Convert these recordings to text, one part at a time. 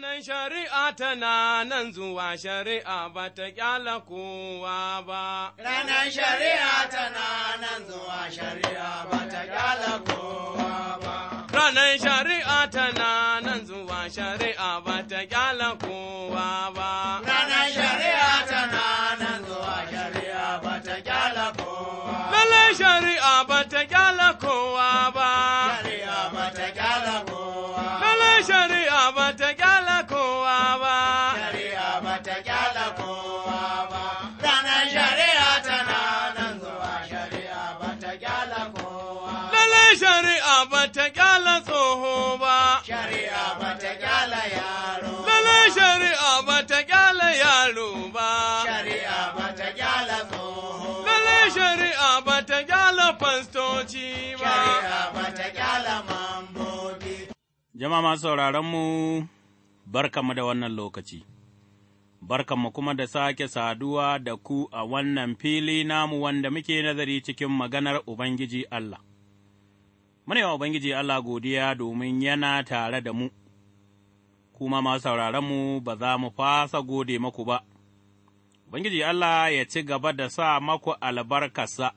nan shari'a tana nan zuwa shari'a ba ta kyala kowa ba. Ranar shari'a tana nan zuwa shari'a ba ta kyala kowa ba. Ranar shari'a tana nan zuwa shari'a ba ta kyala kowa ba. Ranar shari'a tana nan zuwa shari'a ba ta kyala kowa. Lallai shari'a ba ta kyala kowa ba. ba ta kyala tsoho ba. Shari'a ba ta kyala yaro. Lallai shari'a ba ta kyala yaro ba. Shari'a ba ta kyala tsoho. shari'a ba ta kyala fastoci ba. Shari'a ba ta kyala mambobi. Jama'a masu sauraron mu barkamu da wannan lokaci. barkanmu kuma da sake saduwa da ku a wannan fili namu wanda muke nazari cikin maganar Ubangiji Allah. Muna wa Ubangiji Allah godiya domin yana tare da mu, kuma masu sauraronmu ba za mu fasa gode maku ba, Ubangiji Allah ya ci gaba da sa maku albarkarsa,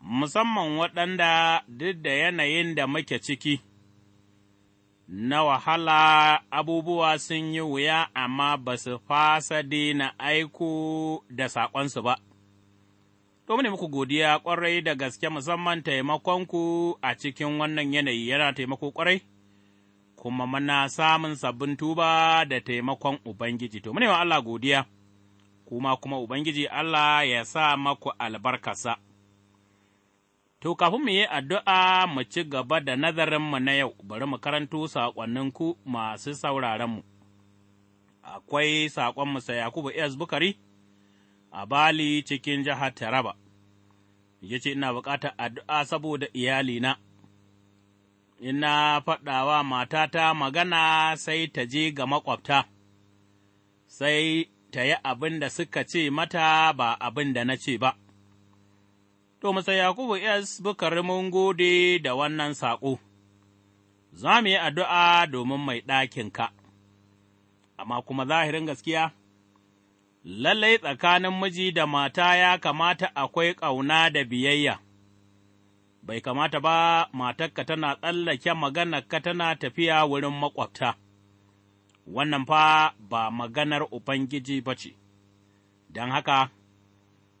musamman waɗanda duk da yanayin da muke ciki, na wahala abubuwa sun yi wuya amma ba su fasa na aiko da saƙonsu ba. To mune muku godiya kwarai da gaske musamman taimakonku a cikin wannan yanayi yana taimako kwarai, kuma muna samun sabbin tuba da taimakon Ubangiji. To mune Allah godiya, kuma kuma Ubangiji Allah ya sa maku albarkasa. To, kafin mu yi addu'a mu ci gaba da nazarinmu na yau, bari mu karanto saƙonninku masu sauraronmu. Akwai saƙon Musa Yakubu S. Bukari. a Bali cikin jihar Taraba, ya ce, Ina bukatar addu'a saboda iyalina, ina faɗawa matata magana sai ta je ga maƙwabta, sai ta yi abin da suka ce mata ba abin da na ce ba. To, Musa Yakubu S. Bukari mun gode da wannan saƙo, za mu yi addu'a domin mai ɗakinka, amma kuma zahirin gaskiya. lallai tsakanin miji da mata ya kamata akwai ƙauna da biyayya, bai kamata ba matarka tana tsallake maganarka tana tafiya wurin maƙwabta, wannan fa ba maganar Ubangiji ba ce, don haka,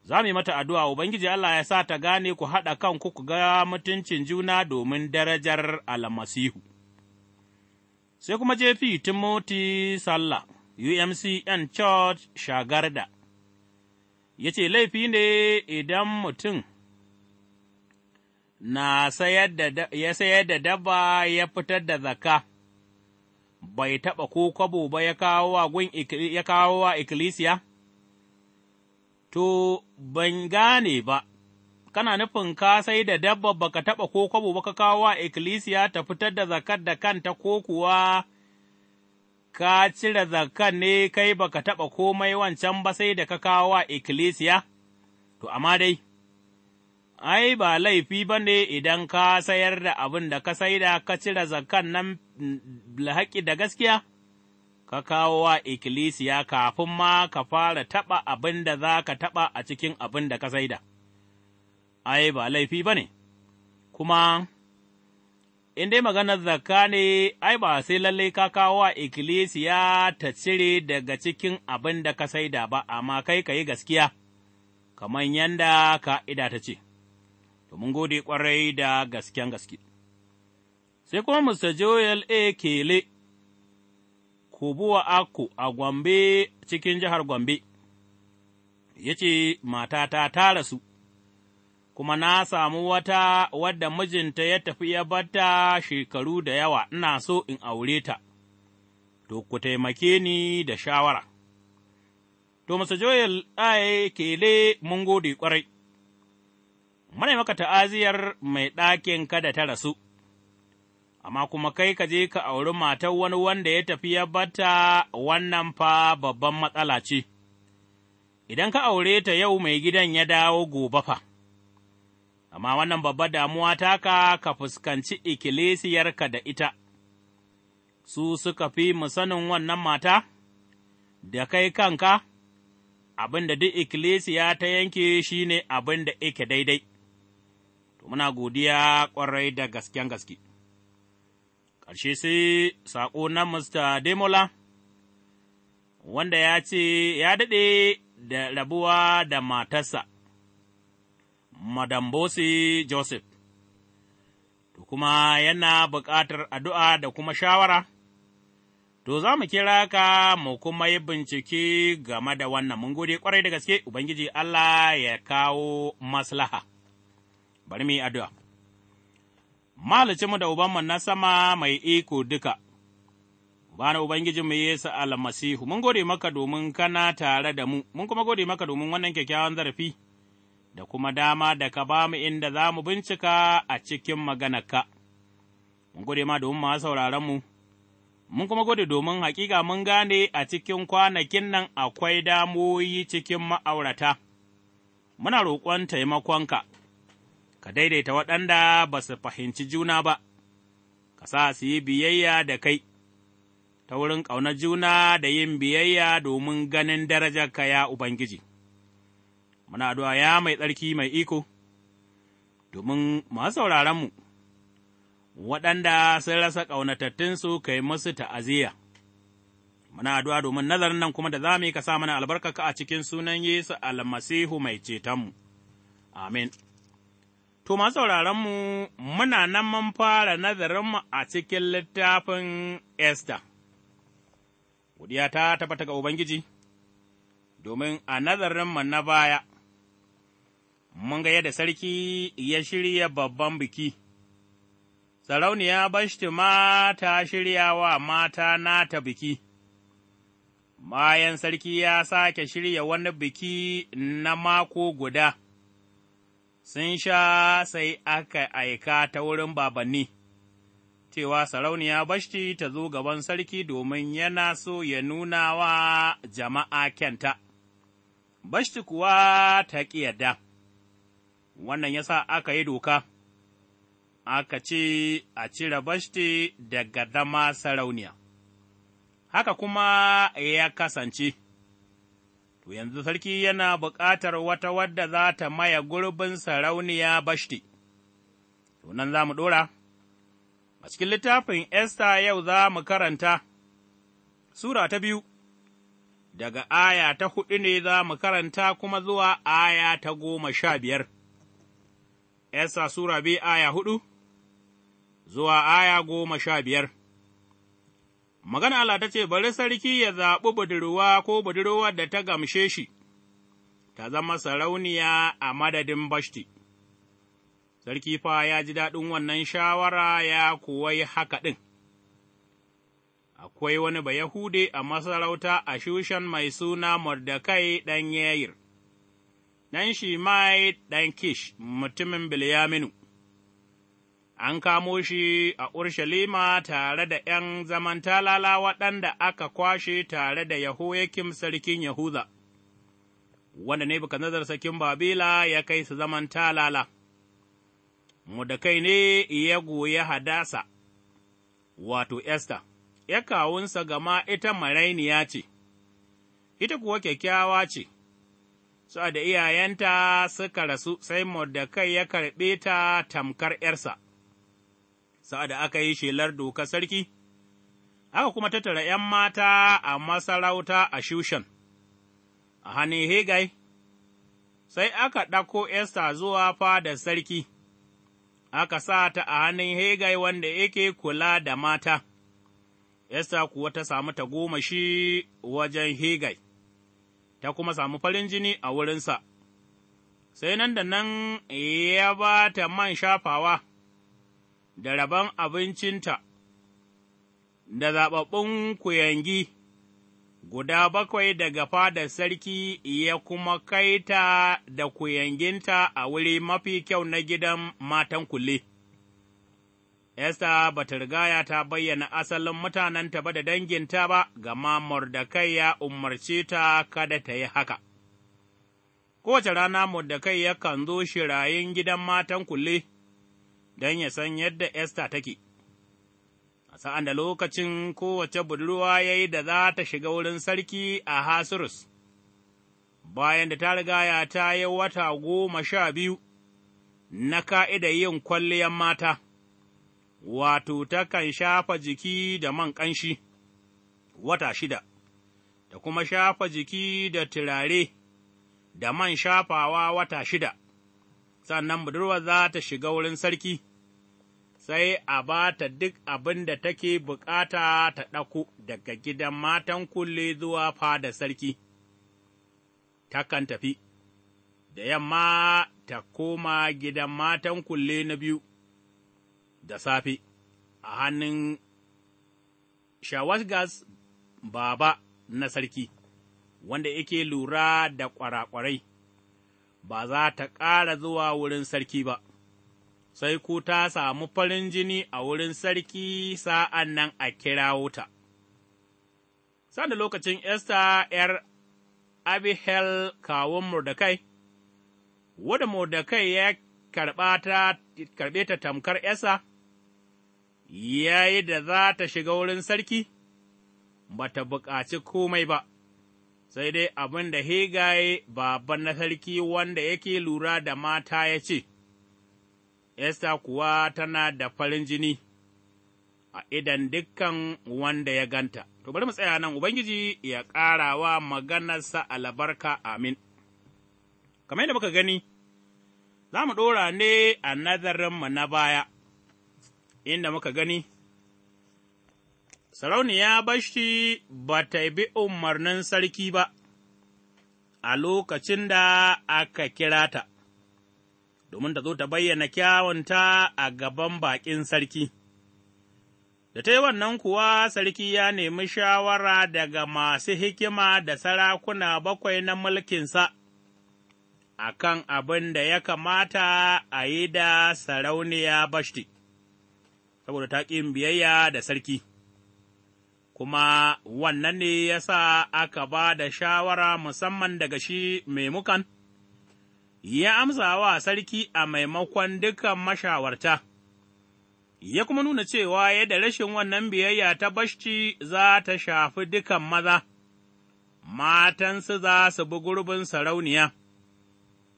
za mu yi mata addu'a Ubangiji Allah ya sa ta gane ku haɗa kanku ku ga mutuncin juna domin darajar almasihu. Sai kuma jefi Timoti Sallah. UMCN Church Shagarda, ya ce laifi ne idan mutum na ya sayar da dabba ya fitar da zaka, bai taɓa ko kwabo ba ya kawo wa ikkilisiya? To, ban gane ba, kana nufin ka sai da dabba baka taɓa ko kwabo ba ka kawo wa ikkilisiya ta fitar da zakar da kanta ko kuwa ka cire zakan ne kai ba ka taɓa komai wancan ba sai da ka kawo wa ikkilisiya? To, amma dai, ai, ba laifi ba ne idan ka sayar da abin da ka saida ka cire zakan nan lahaƙi mm, da gaskiya, ka kawo wa ikkilisiya kafin ma ka fara taɓa abin da za ka taɓa a cikin abin da ka saida. Ai, ba laifi ba ne, kuma. in dai maganar zaka ne, ai, ba sai lallai ka kawo wa ikkilisiya ta cire daga cikin abin da ka saida ba, amma kai ka yi gaskiya, kamar yanda ka'ida ta ce, to mun gode ƙwarai da gasken gaske. Sai kuma Mr. Joel A. Kele, Kubuwa Ako a Gombe cikin jihar Gombe, ya ce, Matata ta rasu. kuma na samu wata wadda mijinta ya tafi ya bata shekaru da yawa, ina so in aure ta, to ku taimake ni da shawara. To, masa joyal ai kele mun gode ƙwarai, mana maka ta'aziyar mai ɗakin kada ta rasu, amma kuma kai ka je ka auri matar wani wanda ya tafi ya bata wannan fa babban matsala ce, idan ka aure ta yau mai gidan ya dawo gobe fa. amma wannan babbar damuwa taka ka fuskanci ikkilisiyarka da ita, su suka fi mu sanin wannan mata, da kai kanka, abin da duk ikkilisiya ta yanke shi ne abin da ike daidai, to muna godiya ƙwarai da gasken gaske. Ƙarshe sai saƙo na Mr. Demola, wanda ya ce ya daɗe da rabuwa da matarsa. Madambosi Joseph, to kuma yana bukatar addu'a da kuma shawara, to za mu kira ka mu kuma yi bincike game da wannan, mun gode ƙwarai da gaske, Ubangiji Allah ya kawo maslaha. Bari mu yi addu'a. Malicinmu da Ubanmu na sama mai iko duka, Bana Ubangijinmu Yesu almasihu, mun gode maka domin kana tare da mu, mun kuma gode maka domin wannan kyakkyawan zarafi. da kuma dama da ka ba mu inda za mu bincika a cikin maganarka. Mun gode ma domin ma mu, mun kuma gode domin hakika mun gane a cikin kwanakin nan akwai damoyi cikin ma'aurata. Muna roƙon taimakonka, ka daidaita waɗanda ba su fahimci juna ba, ka sa su yi biyayya da kai, ta wurin ƙaunar juna da yin biyayya domin ganin darajarka ya Ubangiji. muna addu'a ya mai tsarki mai iko, domin masu sauraronmu, waɗanda sun rasa ƙaunatattunsu ka yi musu ta'aziyya. Muna addu'a domin nazarin nan kuma da za mu yi ka sa mana albarkaka a cikin sunan Yesu almasihu mai cetonmu. Amin. To, masu sauraronmu, muna nan mun fara nazarinmu a cikin littafin Esther. Wudiya ta tabbata ga Ubangiji, domin a nazarinmu na baya. mun ga yadda sarki ya shirya babban biki, sarauniya Bashti ma ta shirya wa mata nata biki, bayan sarki ya sake shirya wani biki na mako guda, sun sha sai aka aika ta wurin babanni. Cewa sarauniya Bashti ta zo gaban sarki domin yana so ya nuna wa jama'a kyanta, Bashti kuwa ta ƙi yadda. wannan ya sa aka yi doka, aka ce a cire bashti daga dama sarauniya, haka kuma ya kasance, to yanzu sarki yana bukatar wata wadda za ta maye gurbin sarauniya bashti, to nan za mu ɗora, a cikin littafin Esta yau za mu karanta, Sura ta biyu. daga aya ta huɗu ne za mu karanta kuma zuwa aya ta goma sha biyar. Esa Sura bi aya hudu zuwa aya goma sha biyar. Magana Allah ta ce, Bari sarki ya zaɓi budurwa ko budurwar da ta gamshe shi, ta zama sarauniya a madadin Bashti. Sarki fa ya ji daɗin wannan shawara ya kuwa yi haka ɗin. Akwai wani Bayahude a masarauta a Shushan mai suna Mordekai ɗan Yayir. ɗan mai ɗan Kish, mutumin Bilyaminu, an kamo shi a Urshalima tare da ’yan zaman talala waɗanda aka kwashe tare da Yahoyakim sarkin Yahuza, wanda ne nazar sarkin Babila ya kai su zaman talala. Mu da kai ne ya goya hadasa, wato Esther, ya kawunsa gama ita marainiya ce, ita kuwa kyakkyawa ce. sa'ad da iyayenta suka rasu, sai Mordekai ya karɓe ta tamkar ’yarsa, sa'ad da aka yi shelar doka sarki, aka kuma tattara ’yan mata a masarauta a Shushan, a hannun Hegai, sai aka ɗako Esta zuwa fada sarki, aka sa ta a hannun Hegai wanda yake kula da mata, Esta kuwa ta samu ta goma shi wajen Hegai. ta kuma samu farin jini a wurinsa, sai nan da nan ya ba ta man shafawa da rabon abincinta, da zaɓaɓɓun kuyangi guda bakwai daga fadar sarki ya kuma kaita da kuyanginta a wuri mafi kyau na gidan matan kulle. Esta ba ta rigaya ta bayyana asalin mutanenta ba da danginta ba, gama Mordekai ya umarci ta kada ta yi haka. Kowace rana Mordekai yakan zo shirayin gidan matan kulle don ya san yadda Esta take, a sa'an da lokacin kowace budurwa ya yi da za ta shiga wurin sarki a Hasurus, bayan da ta rigaya ta yi wata goma sha biyu na ka'ida yin kwalliyan mata. wato takan shafa jiki da man ƙanshi wata shida, da kuma shafa jiki da turare da man shafawa wata shida, sannan budurwa za ta shiga wurin sarki, sai a ba ta duk abin da take bukata ta ɗako daga gidan matan kulle zuwa fada sarki, takan tafi, da yamma ta koma gidan matan kulle na biyu. da safe a hannun Shawashgas baba na sarki, wanda yake lura da ƙwarakwarai, ba za ta ƙara zuwa wurin sarki ba, sai ku ta samu farin jini a wurin sarki sa'an nan a kira wuta. Sanda lokacin Esta ’yar Abihel kawun Mordekai, wadda Mordekai ya karɓe ta tamkar Esa. yayi da za ta shiga wurin sarki, ba ta buƙaci komai ba, sai dai abin da Hegaye baban na sarki wanda yake lura da mata ya ce, Esta kuwa tana da farin jini a idan dukkan wanda ya ganta. To bari mu tsaya nan Ubangiji ya ƙarawa maganarsa albarka amin. Kamar yadda muka gani, za mu ɗora ne a nazarinmu na baya. inda muka gani, sarauniya bashi ba ta bi umarnin sarki ba a lokacin da aka kira ta, domin ta zo ta bayyana kyawunta a gaban baƙin sarki. Da ta yi wannan kuwa sarki ya nemi shawara daga masu hikima da sarakuna bakwai na mulkinsa a kan abin da ya kamata a yi da sarauniya Bashti. saboda ta ƙi biyayya da sarki, kuma wannan ne ya sa aka ba da shawara musamman daga shi maimukan, ya amsa wa sarki a maimakon dukan mashawarta, ya kuma nuna cewa yadda rashin wannan biyayya ta bashci za ta shafi dukan maza, matansu za su bi gurbin sarauniya,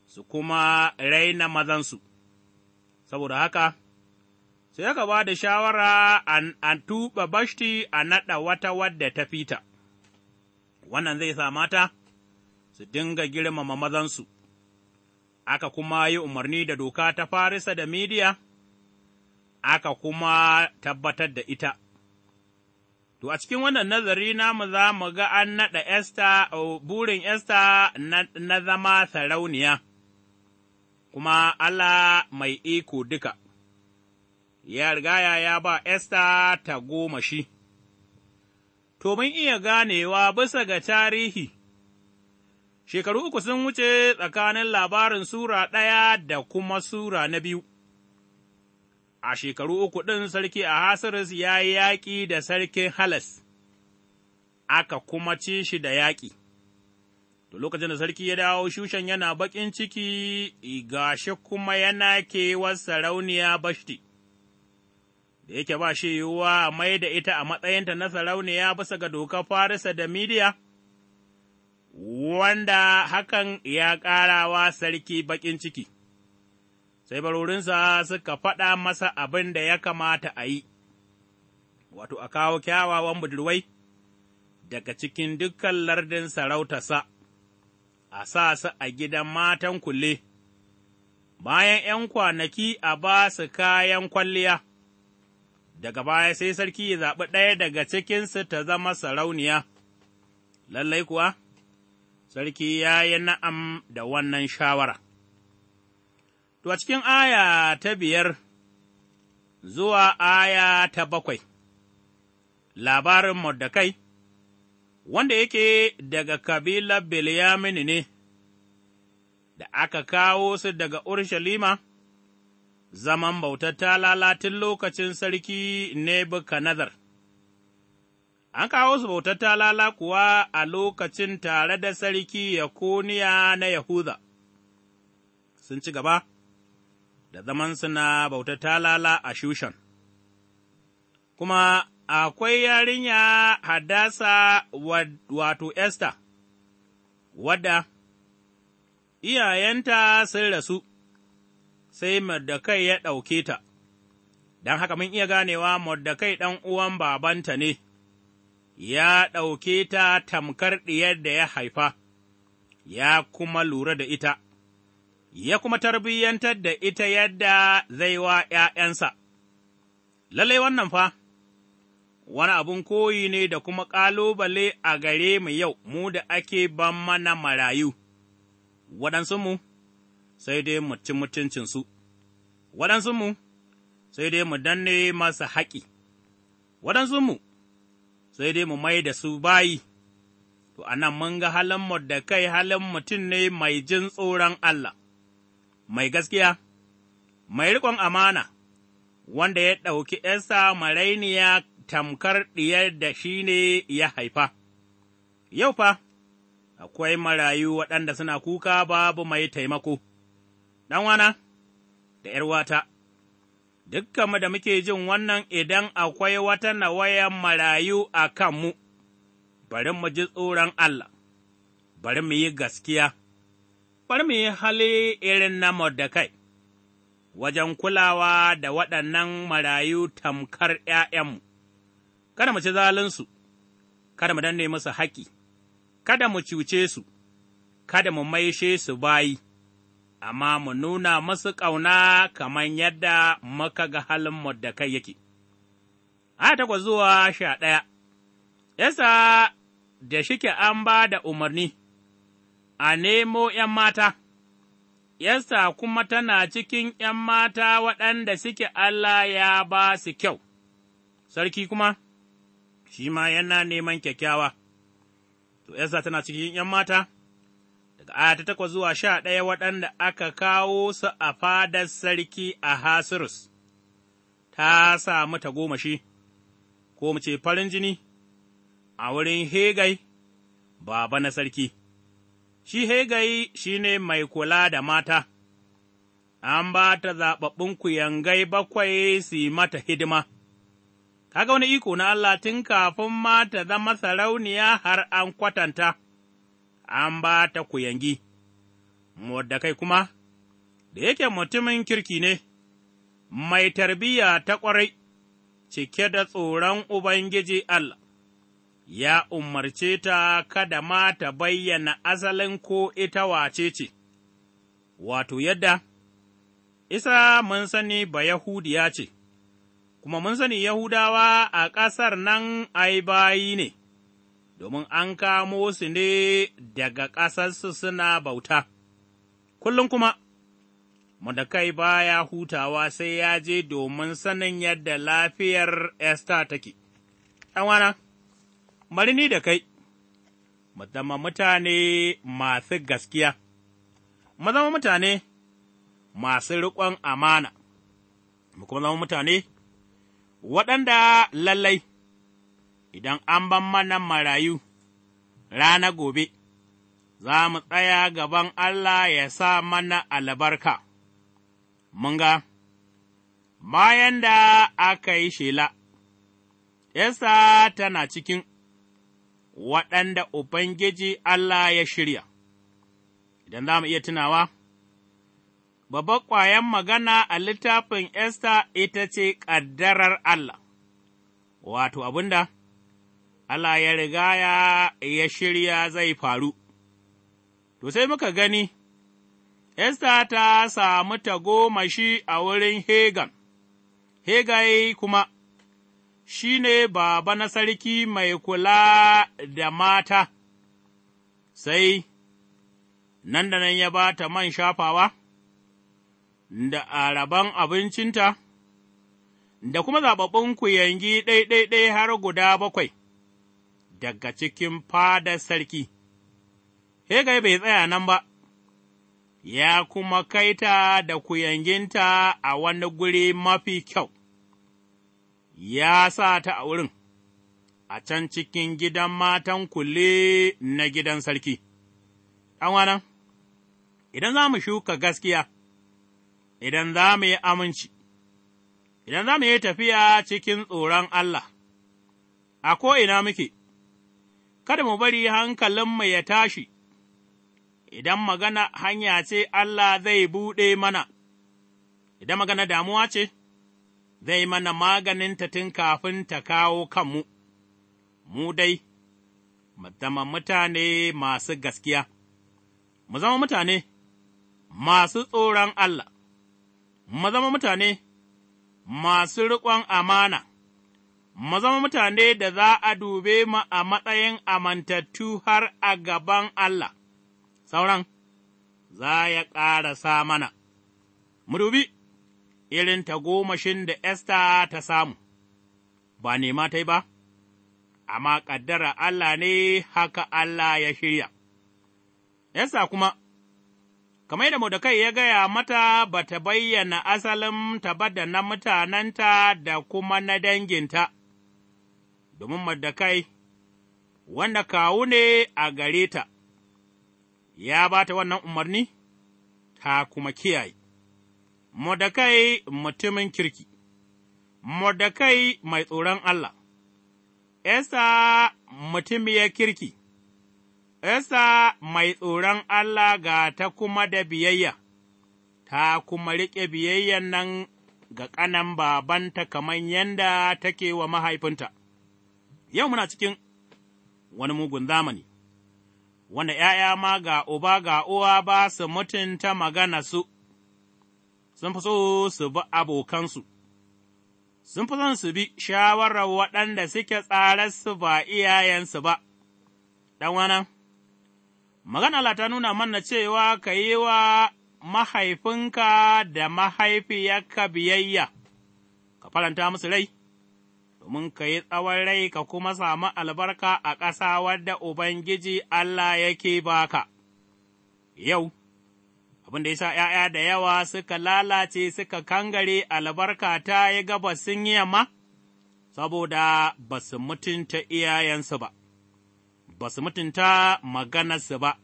su kuma raina mazansu, saboda haka. sai aka ba da shawara a tuba bashti a naɗa wata wadda ta fita, wannan zai sa mata su dinga girmama mazansu, aka kuma yi umarni da doka ta Farisa da Midiya, aka kuma tabbatar da ita. To, a cikin wannan nazari namu za mu ga an naɗa Esta, burin Esta na zama sarauniya, kuma Allah mai iko duka. ya rigaya ya ba Esta ta goma shi. To, mun iya ganewa bisa ga tarihi, shekaru uku sun wuce tsakanin labarin Sura ɗaya da kuma Sura na biyu. A shekaru uku ɗin sarki Ahasuerus ya yi yaƙi da sarkin Halas, aka kuma ci shi da yaƙi. To lokacin da sarki ya dawo shushan yana baƙin ciki, gashi kuma yana kewar sarauniya Bashti. da yake ba shi yiwuwa a mai da ita a matsayinta na sarauniya bisa ga dokar Farisa da Midiya, wanda hakan ya ƙarawa sarki baƙin ciki, sai barorinsa suka faɗa masa abin da ya kamata a yi, wato a kawo kyawawan budurwai daga cikin dukkan lardin sarautarsa, a sa su a gidan matan kulle, bayan ’yan kwanaki a ba su kayan kwalliya. daga baya sai sarki ya zaɓi ɗaya daga cikinsu ta zama sarauniya, lallai kuwa, sarki ya yi na'am da wannan shawara. To, cikin aya ta biyar zuwa aya ta bakwai, labarin Mordekai, wanda yake daga kabilar Bilyamini ne, da aka kawo su daga Urushalima. zaman bautar ta lalatin lokacin sarki Nebukadnezzar. An kawo su bautar ta lala kuwa a lokacin tare da sarki Yakuniya na Yahuda, sun ci gaba da zaman suna bautar ta lala a Shushan, kuma akwai yarinya Hadasa wato Esther, wadda iyayenta sun rasu. sai Mordekai ya ɗauke ta, don haka mun iya ganewa Mordekai ɗan uwan babanta ne, ya ɗauke ta tamkar ɗiyar da ya haifa, ya kuma lura da ita, ya kuma tarbiyyantar da ita yadda zai wa ’ya'yansa. Lallai wannan fa, wani abin koyi ne da kuma ƙalubale a gare mu yau, mu da ake ban mana marayu, waɗansu mu. sai dai mu ci mutuncinsu, waɗansunmu sai dai mu danne masa haƙi, mu. sai dai mu mai da su bayi, to, a nan mun ga halin Mordekai halin mutum ne mai jin tsoron Allah, mai gaskiya, mai riƙon amana, wanda ya ɗauki ’yansa marainiya tamkar ɗiyar da shi ne ya haifa. Yau fa, akwai marayu waɗanda suna kuka babu mai taimako. ɗan wana da 'yar ’yar'wata, dukkanmu da muke jin wannan idan akwai wata nawayan marayu a kanmu, bari mu ji tsoron Allah, bari mu yi gaskiya, bari mu yi hali irin na Mordekai, wajen kulawa da waɗannan marayu tamkar ’ya'yanmu, kada mu ci zalinsu, kada mu danne musu haƙi, kada mu cuce su, kada mu maishe su bayi. amma mu nuna masu ƙauna kamar yadda maka ga halin Mordekai yake. A takwas zuwa sha ɗaya, Yasa da shike an ba da umarni, a nemo ’yan mata, Yasa kuma tana cikin ’yan mata waɗanda suke Allah ya ba su kyau, sarki kuma, shi ma yana neman kyakkyawa, to, Yasa tana cikin ’yan mata. a ta zuwa sha ɗaya waɗanda aka kawo su a fadar sarki a Hasirus, ta samu shi. ko mu ce farin jini a wurin Hegai, baba na sarki. Shi Hegai shi ne mai kula da mata, an ba ta zaɓaɓɓun kuyangai bakwai su yi mata hidima. Kaga wani iko na Allah tun kafin ma ta zama sarauniya har an kwatanta. an ba ta kuyangi, Mordekai kuma, da yake mutumin kirki ne, mai tarbiyya ta ƙwarai, cike da tsoron Ubangiji Allah, ya umarce ta kada ma ta bayyana asalin ko ita wace ce, wato yadda, isa mun sani ba Yahudiya ce, kuma mun sani Yahudawa a ƙasar nan ai bayi ne. domin an kamo su ne daga ƙasarsu suna bauta, kullum kuma, Mordekai baya hutawa sai ya je domin sanin yadda lafiyar Esther take, ɗanwana, bari ni da kai, mu zama mutane masu gaskiya, mu zama mutane masu riƙon amana, mu kuma zama mutane waɗanda lallai. idan an ban mana marayu rana gobe, za mu tsaya gaban Allah ya sa mana albarka. Mun ga, bayan da aka yi shela, yasa tana cikin waɗanda Ubangiji Allah ya shirya, idan za mu iya tunawa, babban ƙwayan magana a littafin Esther ita ce ƙaddarar Allah, wato abinda Allah ya riga ya, shirya zai faru. To sai muka gani, Esta ta samu tagomashi a wurin Hegan, Hegai kuma, shi ne baba na sarki mai kula da mata, sai nan da nan ya ba ta man shafawa, da araban abincinta, da kuma zaɓaɓɓun kuyangi ɗaiɗaiɗai har guda bakwai. daga cikin fadar sarki, Hegai bai tsaya nan ba, ya kuma kai ta da kuyanginta a wani guri mafi kyau, ya sa ta a wurin, a can cikin gidan matan kulle na gidan sarki. ’Yan idan za mu shuka gaskiya, idan za mu yi aminci, idan za mu yi tafiya cikin tsoron Allah, a ko'ina muke, kada mu bari hankalinmu ya tashi, idan magana hanya ce Allah zai buɗe mana, idan magana damuwa ce, zai mana maganinta tun kafin ta kawo kanmu, mu dai, mu zama mutane masu gaskiya, mu zama mutane masu tsoron Allah, mu zama mutane masu riƙon amana. zama mutane da za a dube mu a matsayin amantattu har a gaban Allah, sauran za ya ƙarasa mana. Mu dubi irin tagomashin da Esta ta samu, ba nema ta ba, amma ƙaddara Allah ne haka Allah ya shirya. Esta kuma, kamar da Mordekai ya gaya mata ba ta bayyana asalin ta ba da na mutanenta da kuma na danginta. domin Mardakai, wanda kawu ne a gare ta, ya ba ta wannan umarni, ta kuma kiyaye. Mardakai mutumin kirki, Mardakai mai tsoron Allah, Esa mutumiyar kirki, Esa mai tsoron Allah ga ta kuma da biyayya, ta kuma riƙe biyayyan nan ga ƙanan babanta kamar yadda take wa mahaifinta. yau muna cikin wani mugun zamani, wanda ’ya'ya ma ga uba ga uwa ba su mutunta magana su, sun fi so su bi abokansu, sun fi son su bi shawarar waɗanda suke su ba iyayensu ba, ɗanwana, magana la ta nuna mana cewa ka yi wa mahaifinka da mahaifiyarka biyayya, ka faranta musu rai. domin ka yi tsawon rai ka kuma samu albarka a ƙasa wadda Ubangiji Allah yake baka. Yau, abin da ya sa ’ya'ya da yawa suka lalace suka kangare albarka ta yi gaba sun yi yamma, saboda ba su mutunta iyayensu ba, ba su mutunta maganarsu ba.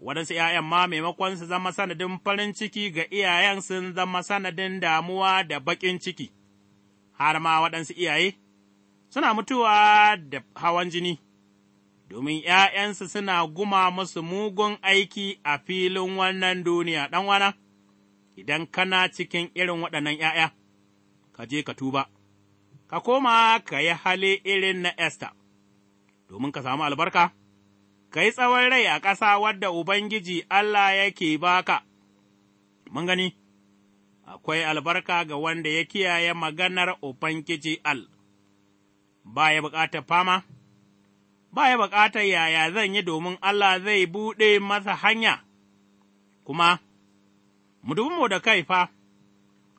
waɗansu ’ya'yan ma maimakon su zama sanadin farin ciki ga iyayen sun zama sanadin damuwa da baƙin ciki. har ma waɗansu iyaye suna mutuwa da hawan jini, domin ’ya'yansu suna guma musu mugun aiki a filin wannan duniya wana. idan kana cikin irin waɗannan ’ya'ya, ka je ka tuba, ka koma ka yi hali irin na Esta, domin ka samu albarka, ka yi tsawon rai a ƙasa wadda Ubangiji Allah yake baka. Mun gani. akwai albarka ga wanda ya kiyaye maganar Ubangiji Al, ba ya bukatar fama, ba ya bukata yaya zan yi domin Allah zai buɗe masa hanya, kuma, mu dubi da kai fa,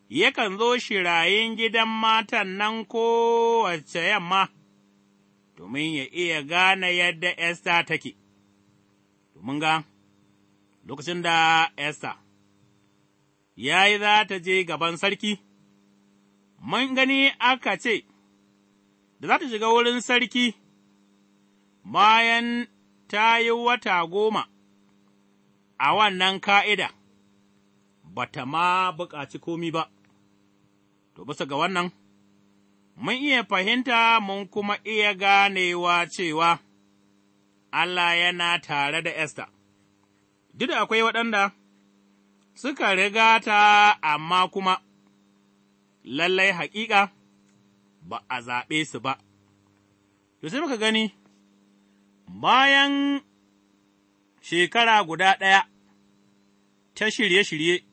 yakan zo shirayin gidan matan nan kowace yamma, domin ya iya gane yadda Esta take, domin ga lokacin da Esta. ya yi za ta je gaban sarki, mun gani aka ce, da za ta shiga wurin sarki bayan ta yi wata goma a wannan ka'ida, ba ta ma buƙaci komi ba, to bisa ga wannan, mun iya fahimta mun kuma iya ganewa cewa Allah yana tare da Esther. duk da akwai waɗanda. suka riga ta amma kuma, lallai haƙiƙa ba a zaɓe su ba. To sai muka gani, bayan shekara guda ɗaya ta shirye-shirye,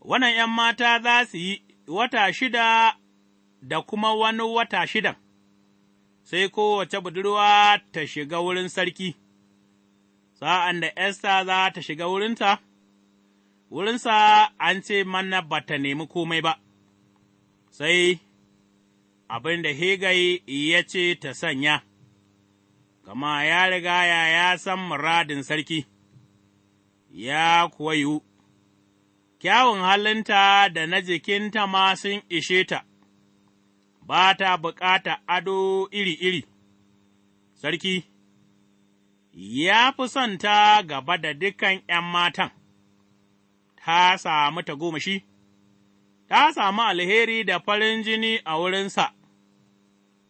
wannan ’yan mata za su yi wata shida da kuma wani wata shida, sai kowace budurwa ta shiga wurin sarki, sa'an da Esta za ta shiga wurinta, wurinsa an ce mana ba ta nemi komai ba, sai abin da Hegai ya ce ta sanya, gama ya riga ya ya san muradin sarki, ya kuwa yiwu, kyawun halinta da na jikinta ma sun ishe ta, ba ta bukata ado iri-iri, sarki, ya fi son ta gaba da dukan ’yan matan. ta samu tagomashi, ta samu alheri da farin jini a wurinsa,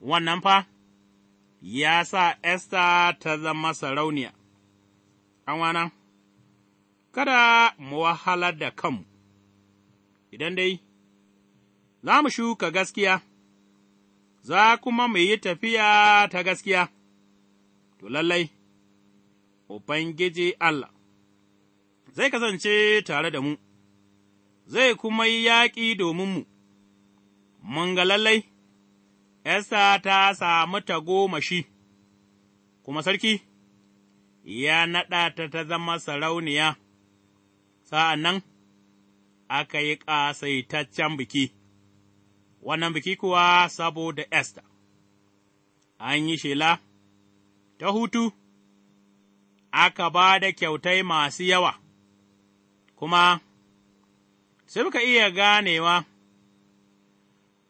wannan fa ya sa Esta ta zama sarauniya, wana, kada mu wahalar da kanmu, idan dai za mu shuka gaskiya, za kuma mu yi tafiya ta gaskiya, to lallai, Ubangiji Allah. zai kasance tare da mu, zai kuma yi yaƙi mu. mun ga lallai, Esta ta samu tagomashi, kuma sarki ya naɗa ta ta zama sarauniya, sa'an nan aka yi ƙasaitaccen biki, wannan biki kuwa saboda Esther. an yi shela ta hutu, aka ba da kyautai masu yawa. kuma sai muka iya ganewa,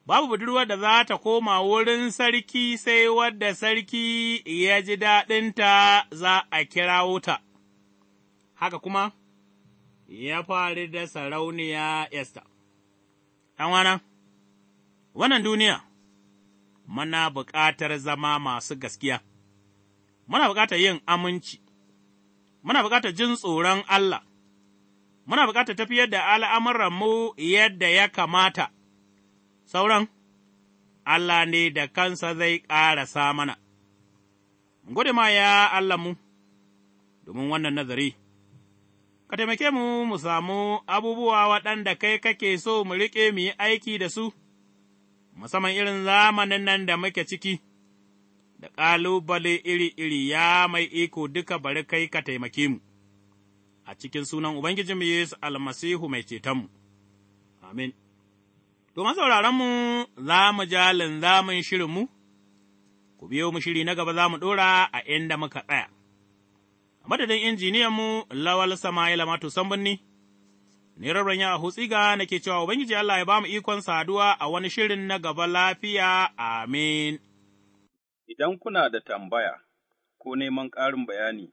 babu budurwar da za ta koma wurin sarki sai wadda sarki ya ji daɗinta za a kira wuta. haka kuma ya faru da sarauniya Esther. ’Yan wannan duniya, mana buƙatar zama masu gaskiya, muna buƙatar yin aminci, muna buƙatar jin tsoron Allah. muna bukatar tafiyar da mu yadda ya kamata, sauran Allah ne da kansa zai ƙarasa mana. Gode ma ya Allahnmu, domin wannan nazari, ka taimake mu mu samu abubuwa waɗanda kai kake so mu riƙe mu yi aiki da su, musamman irin zamanin nan da muke ciki. da ƙalubale iri-iri ya mai iko duka bari kai ka taimake mu. a cikin sunan Ubangijinmu Yesu almasihu mai cetonmu. Amin. Domin sauraronmu za mu ja linzamin shirinmu, ku biyo mu shiri na gaba za mu ɗora a inda muka tsaya. A madadin injiniyanmu Lawal Sama'ila Matu Sambunni, ni rarren ya na ke cewa Ubangiji Allah ya ba mu ikon saduwa a wani shirin na gaba lafiya, amin. Idan kuna da tambaya ko neman ƙarin bayani,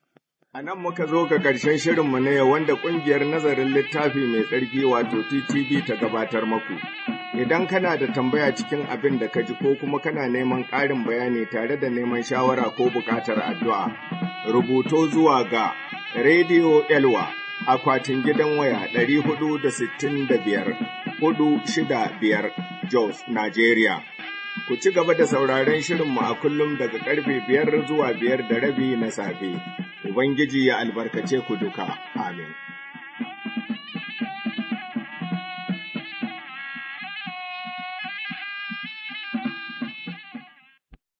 A nan muka zo ga ƙarshen shirinmu ne wanda ƙungiyar nazarin littafi mai tsarki wato TTV ta gabatar maku. Idan kana da tambaya cikin abin da ka ji ko kuma kana neman ƙarin bayani tare da neman shawara ko buƙatar addu'a, rubuto zuwa ga Radio Elwa akwatin gidan waya 465 465 Jos, Nigeria. Ku ci gaba da sauraron shirinmu a kullum daga karfe biyar zuwa biyar da rabi na safe. Ubangiji ya albarkace ku duka. Amin.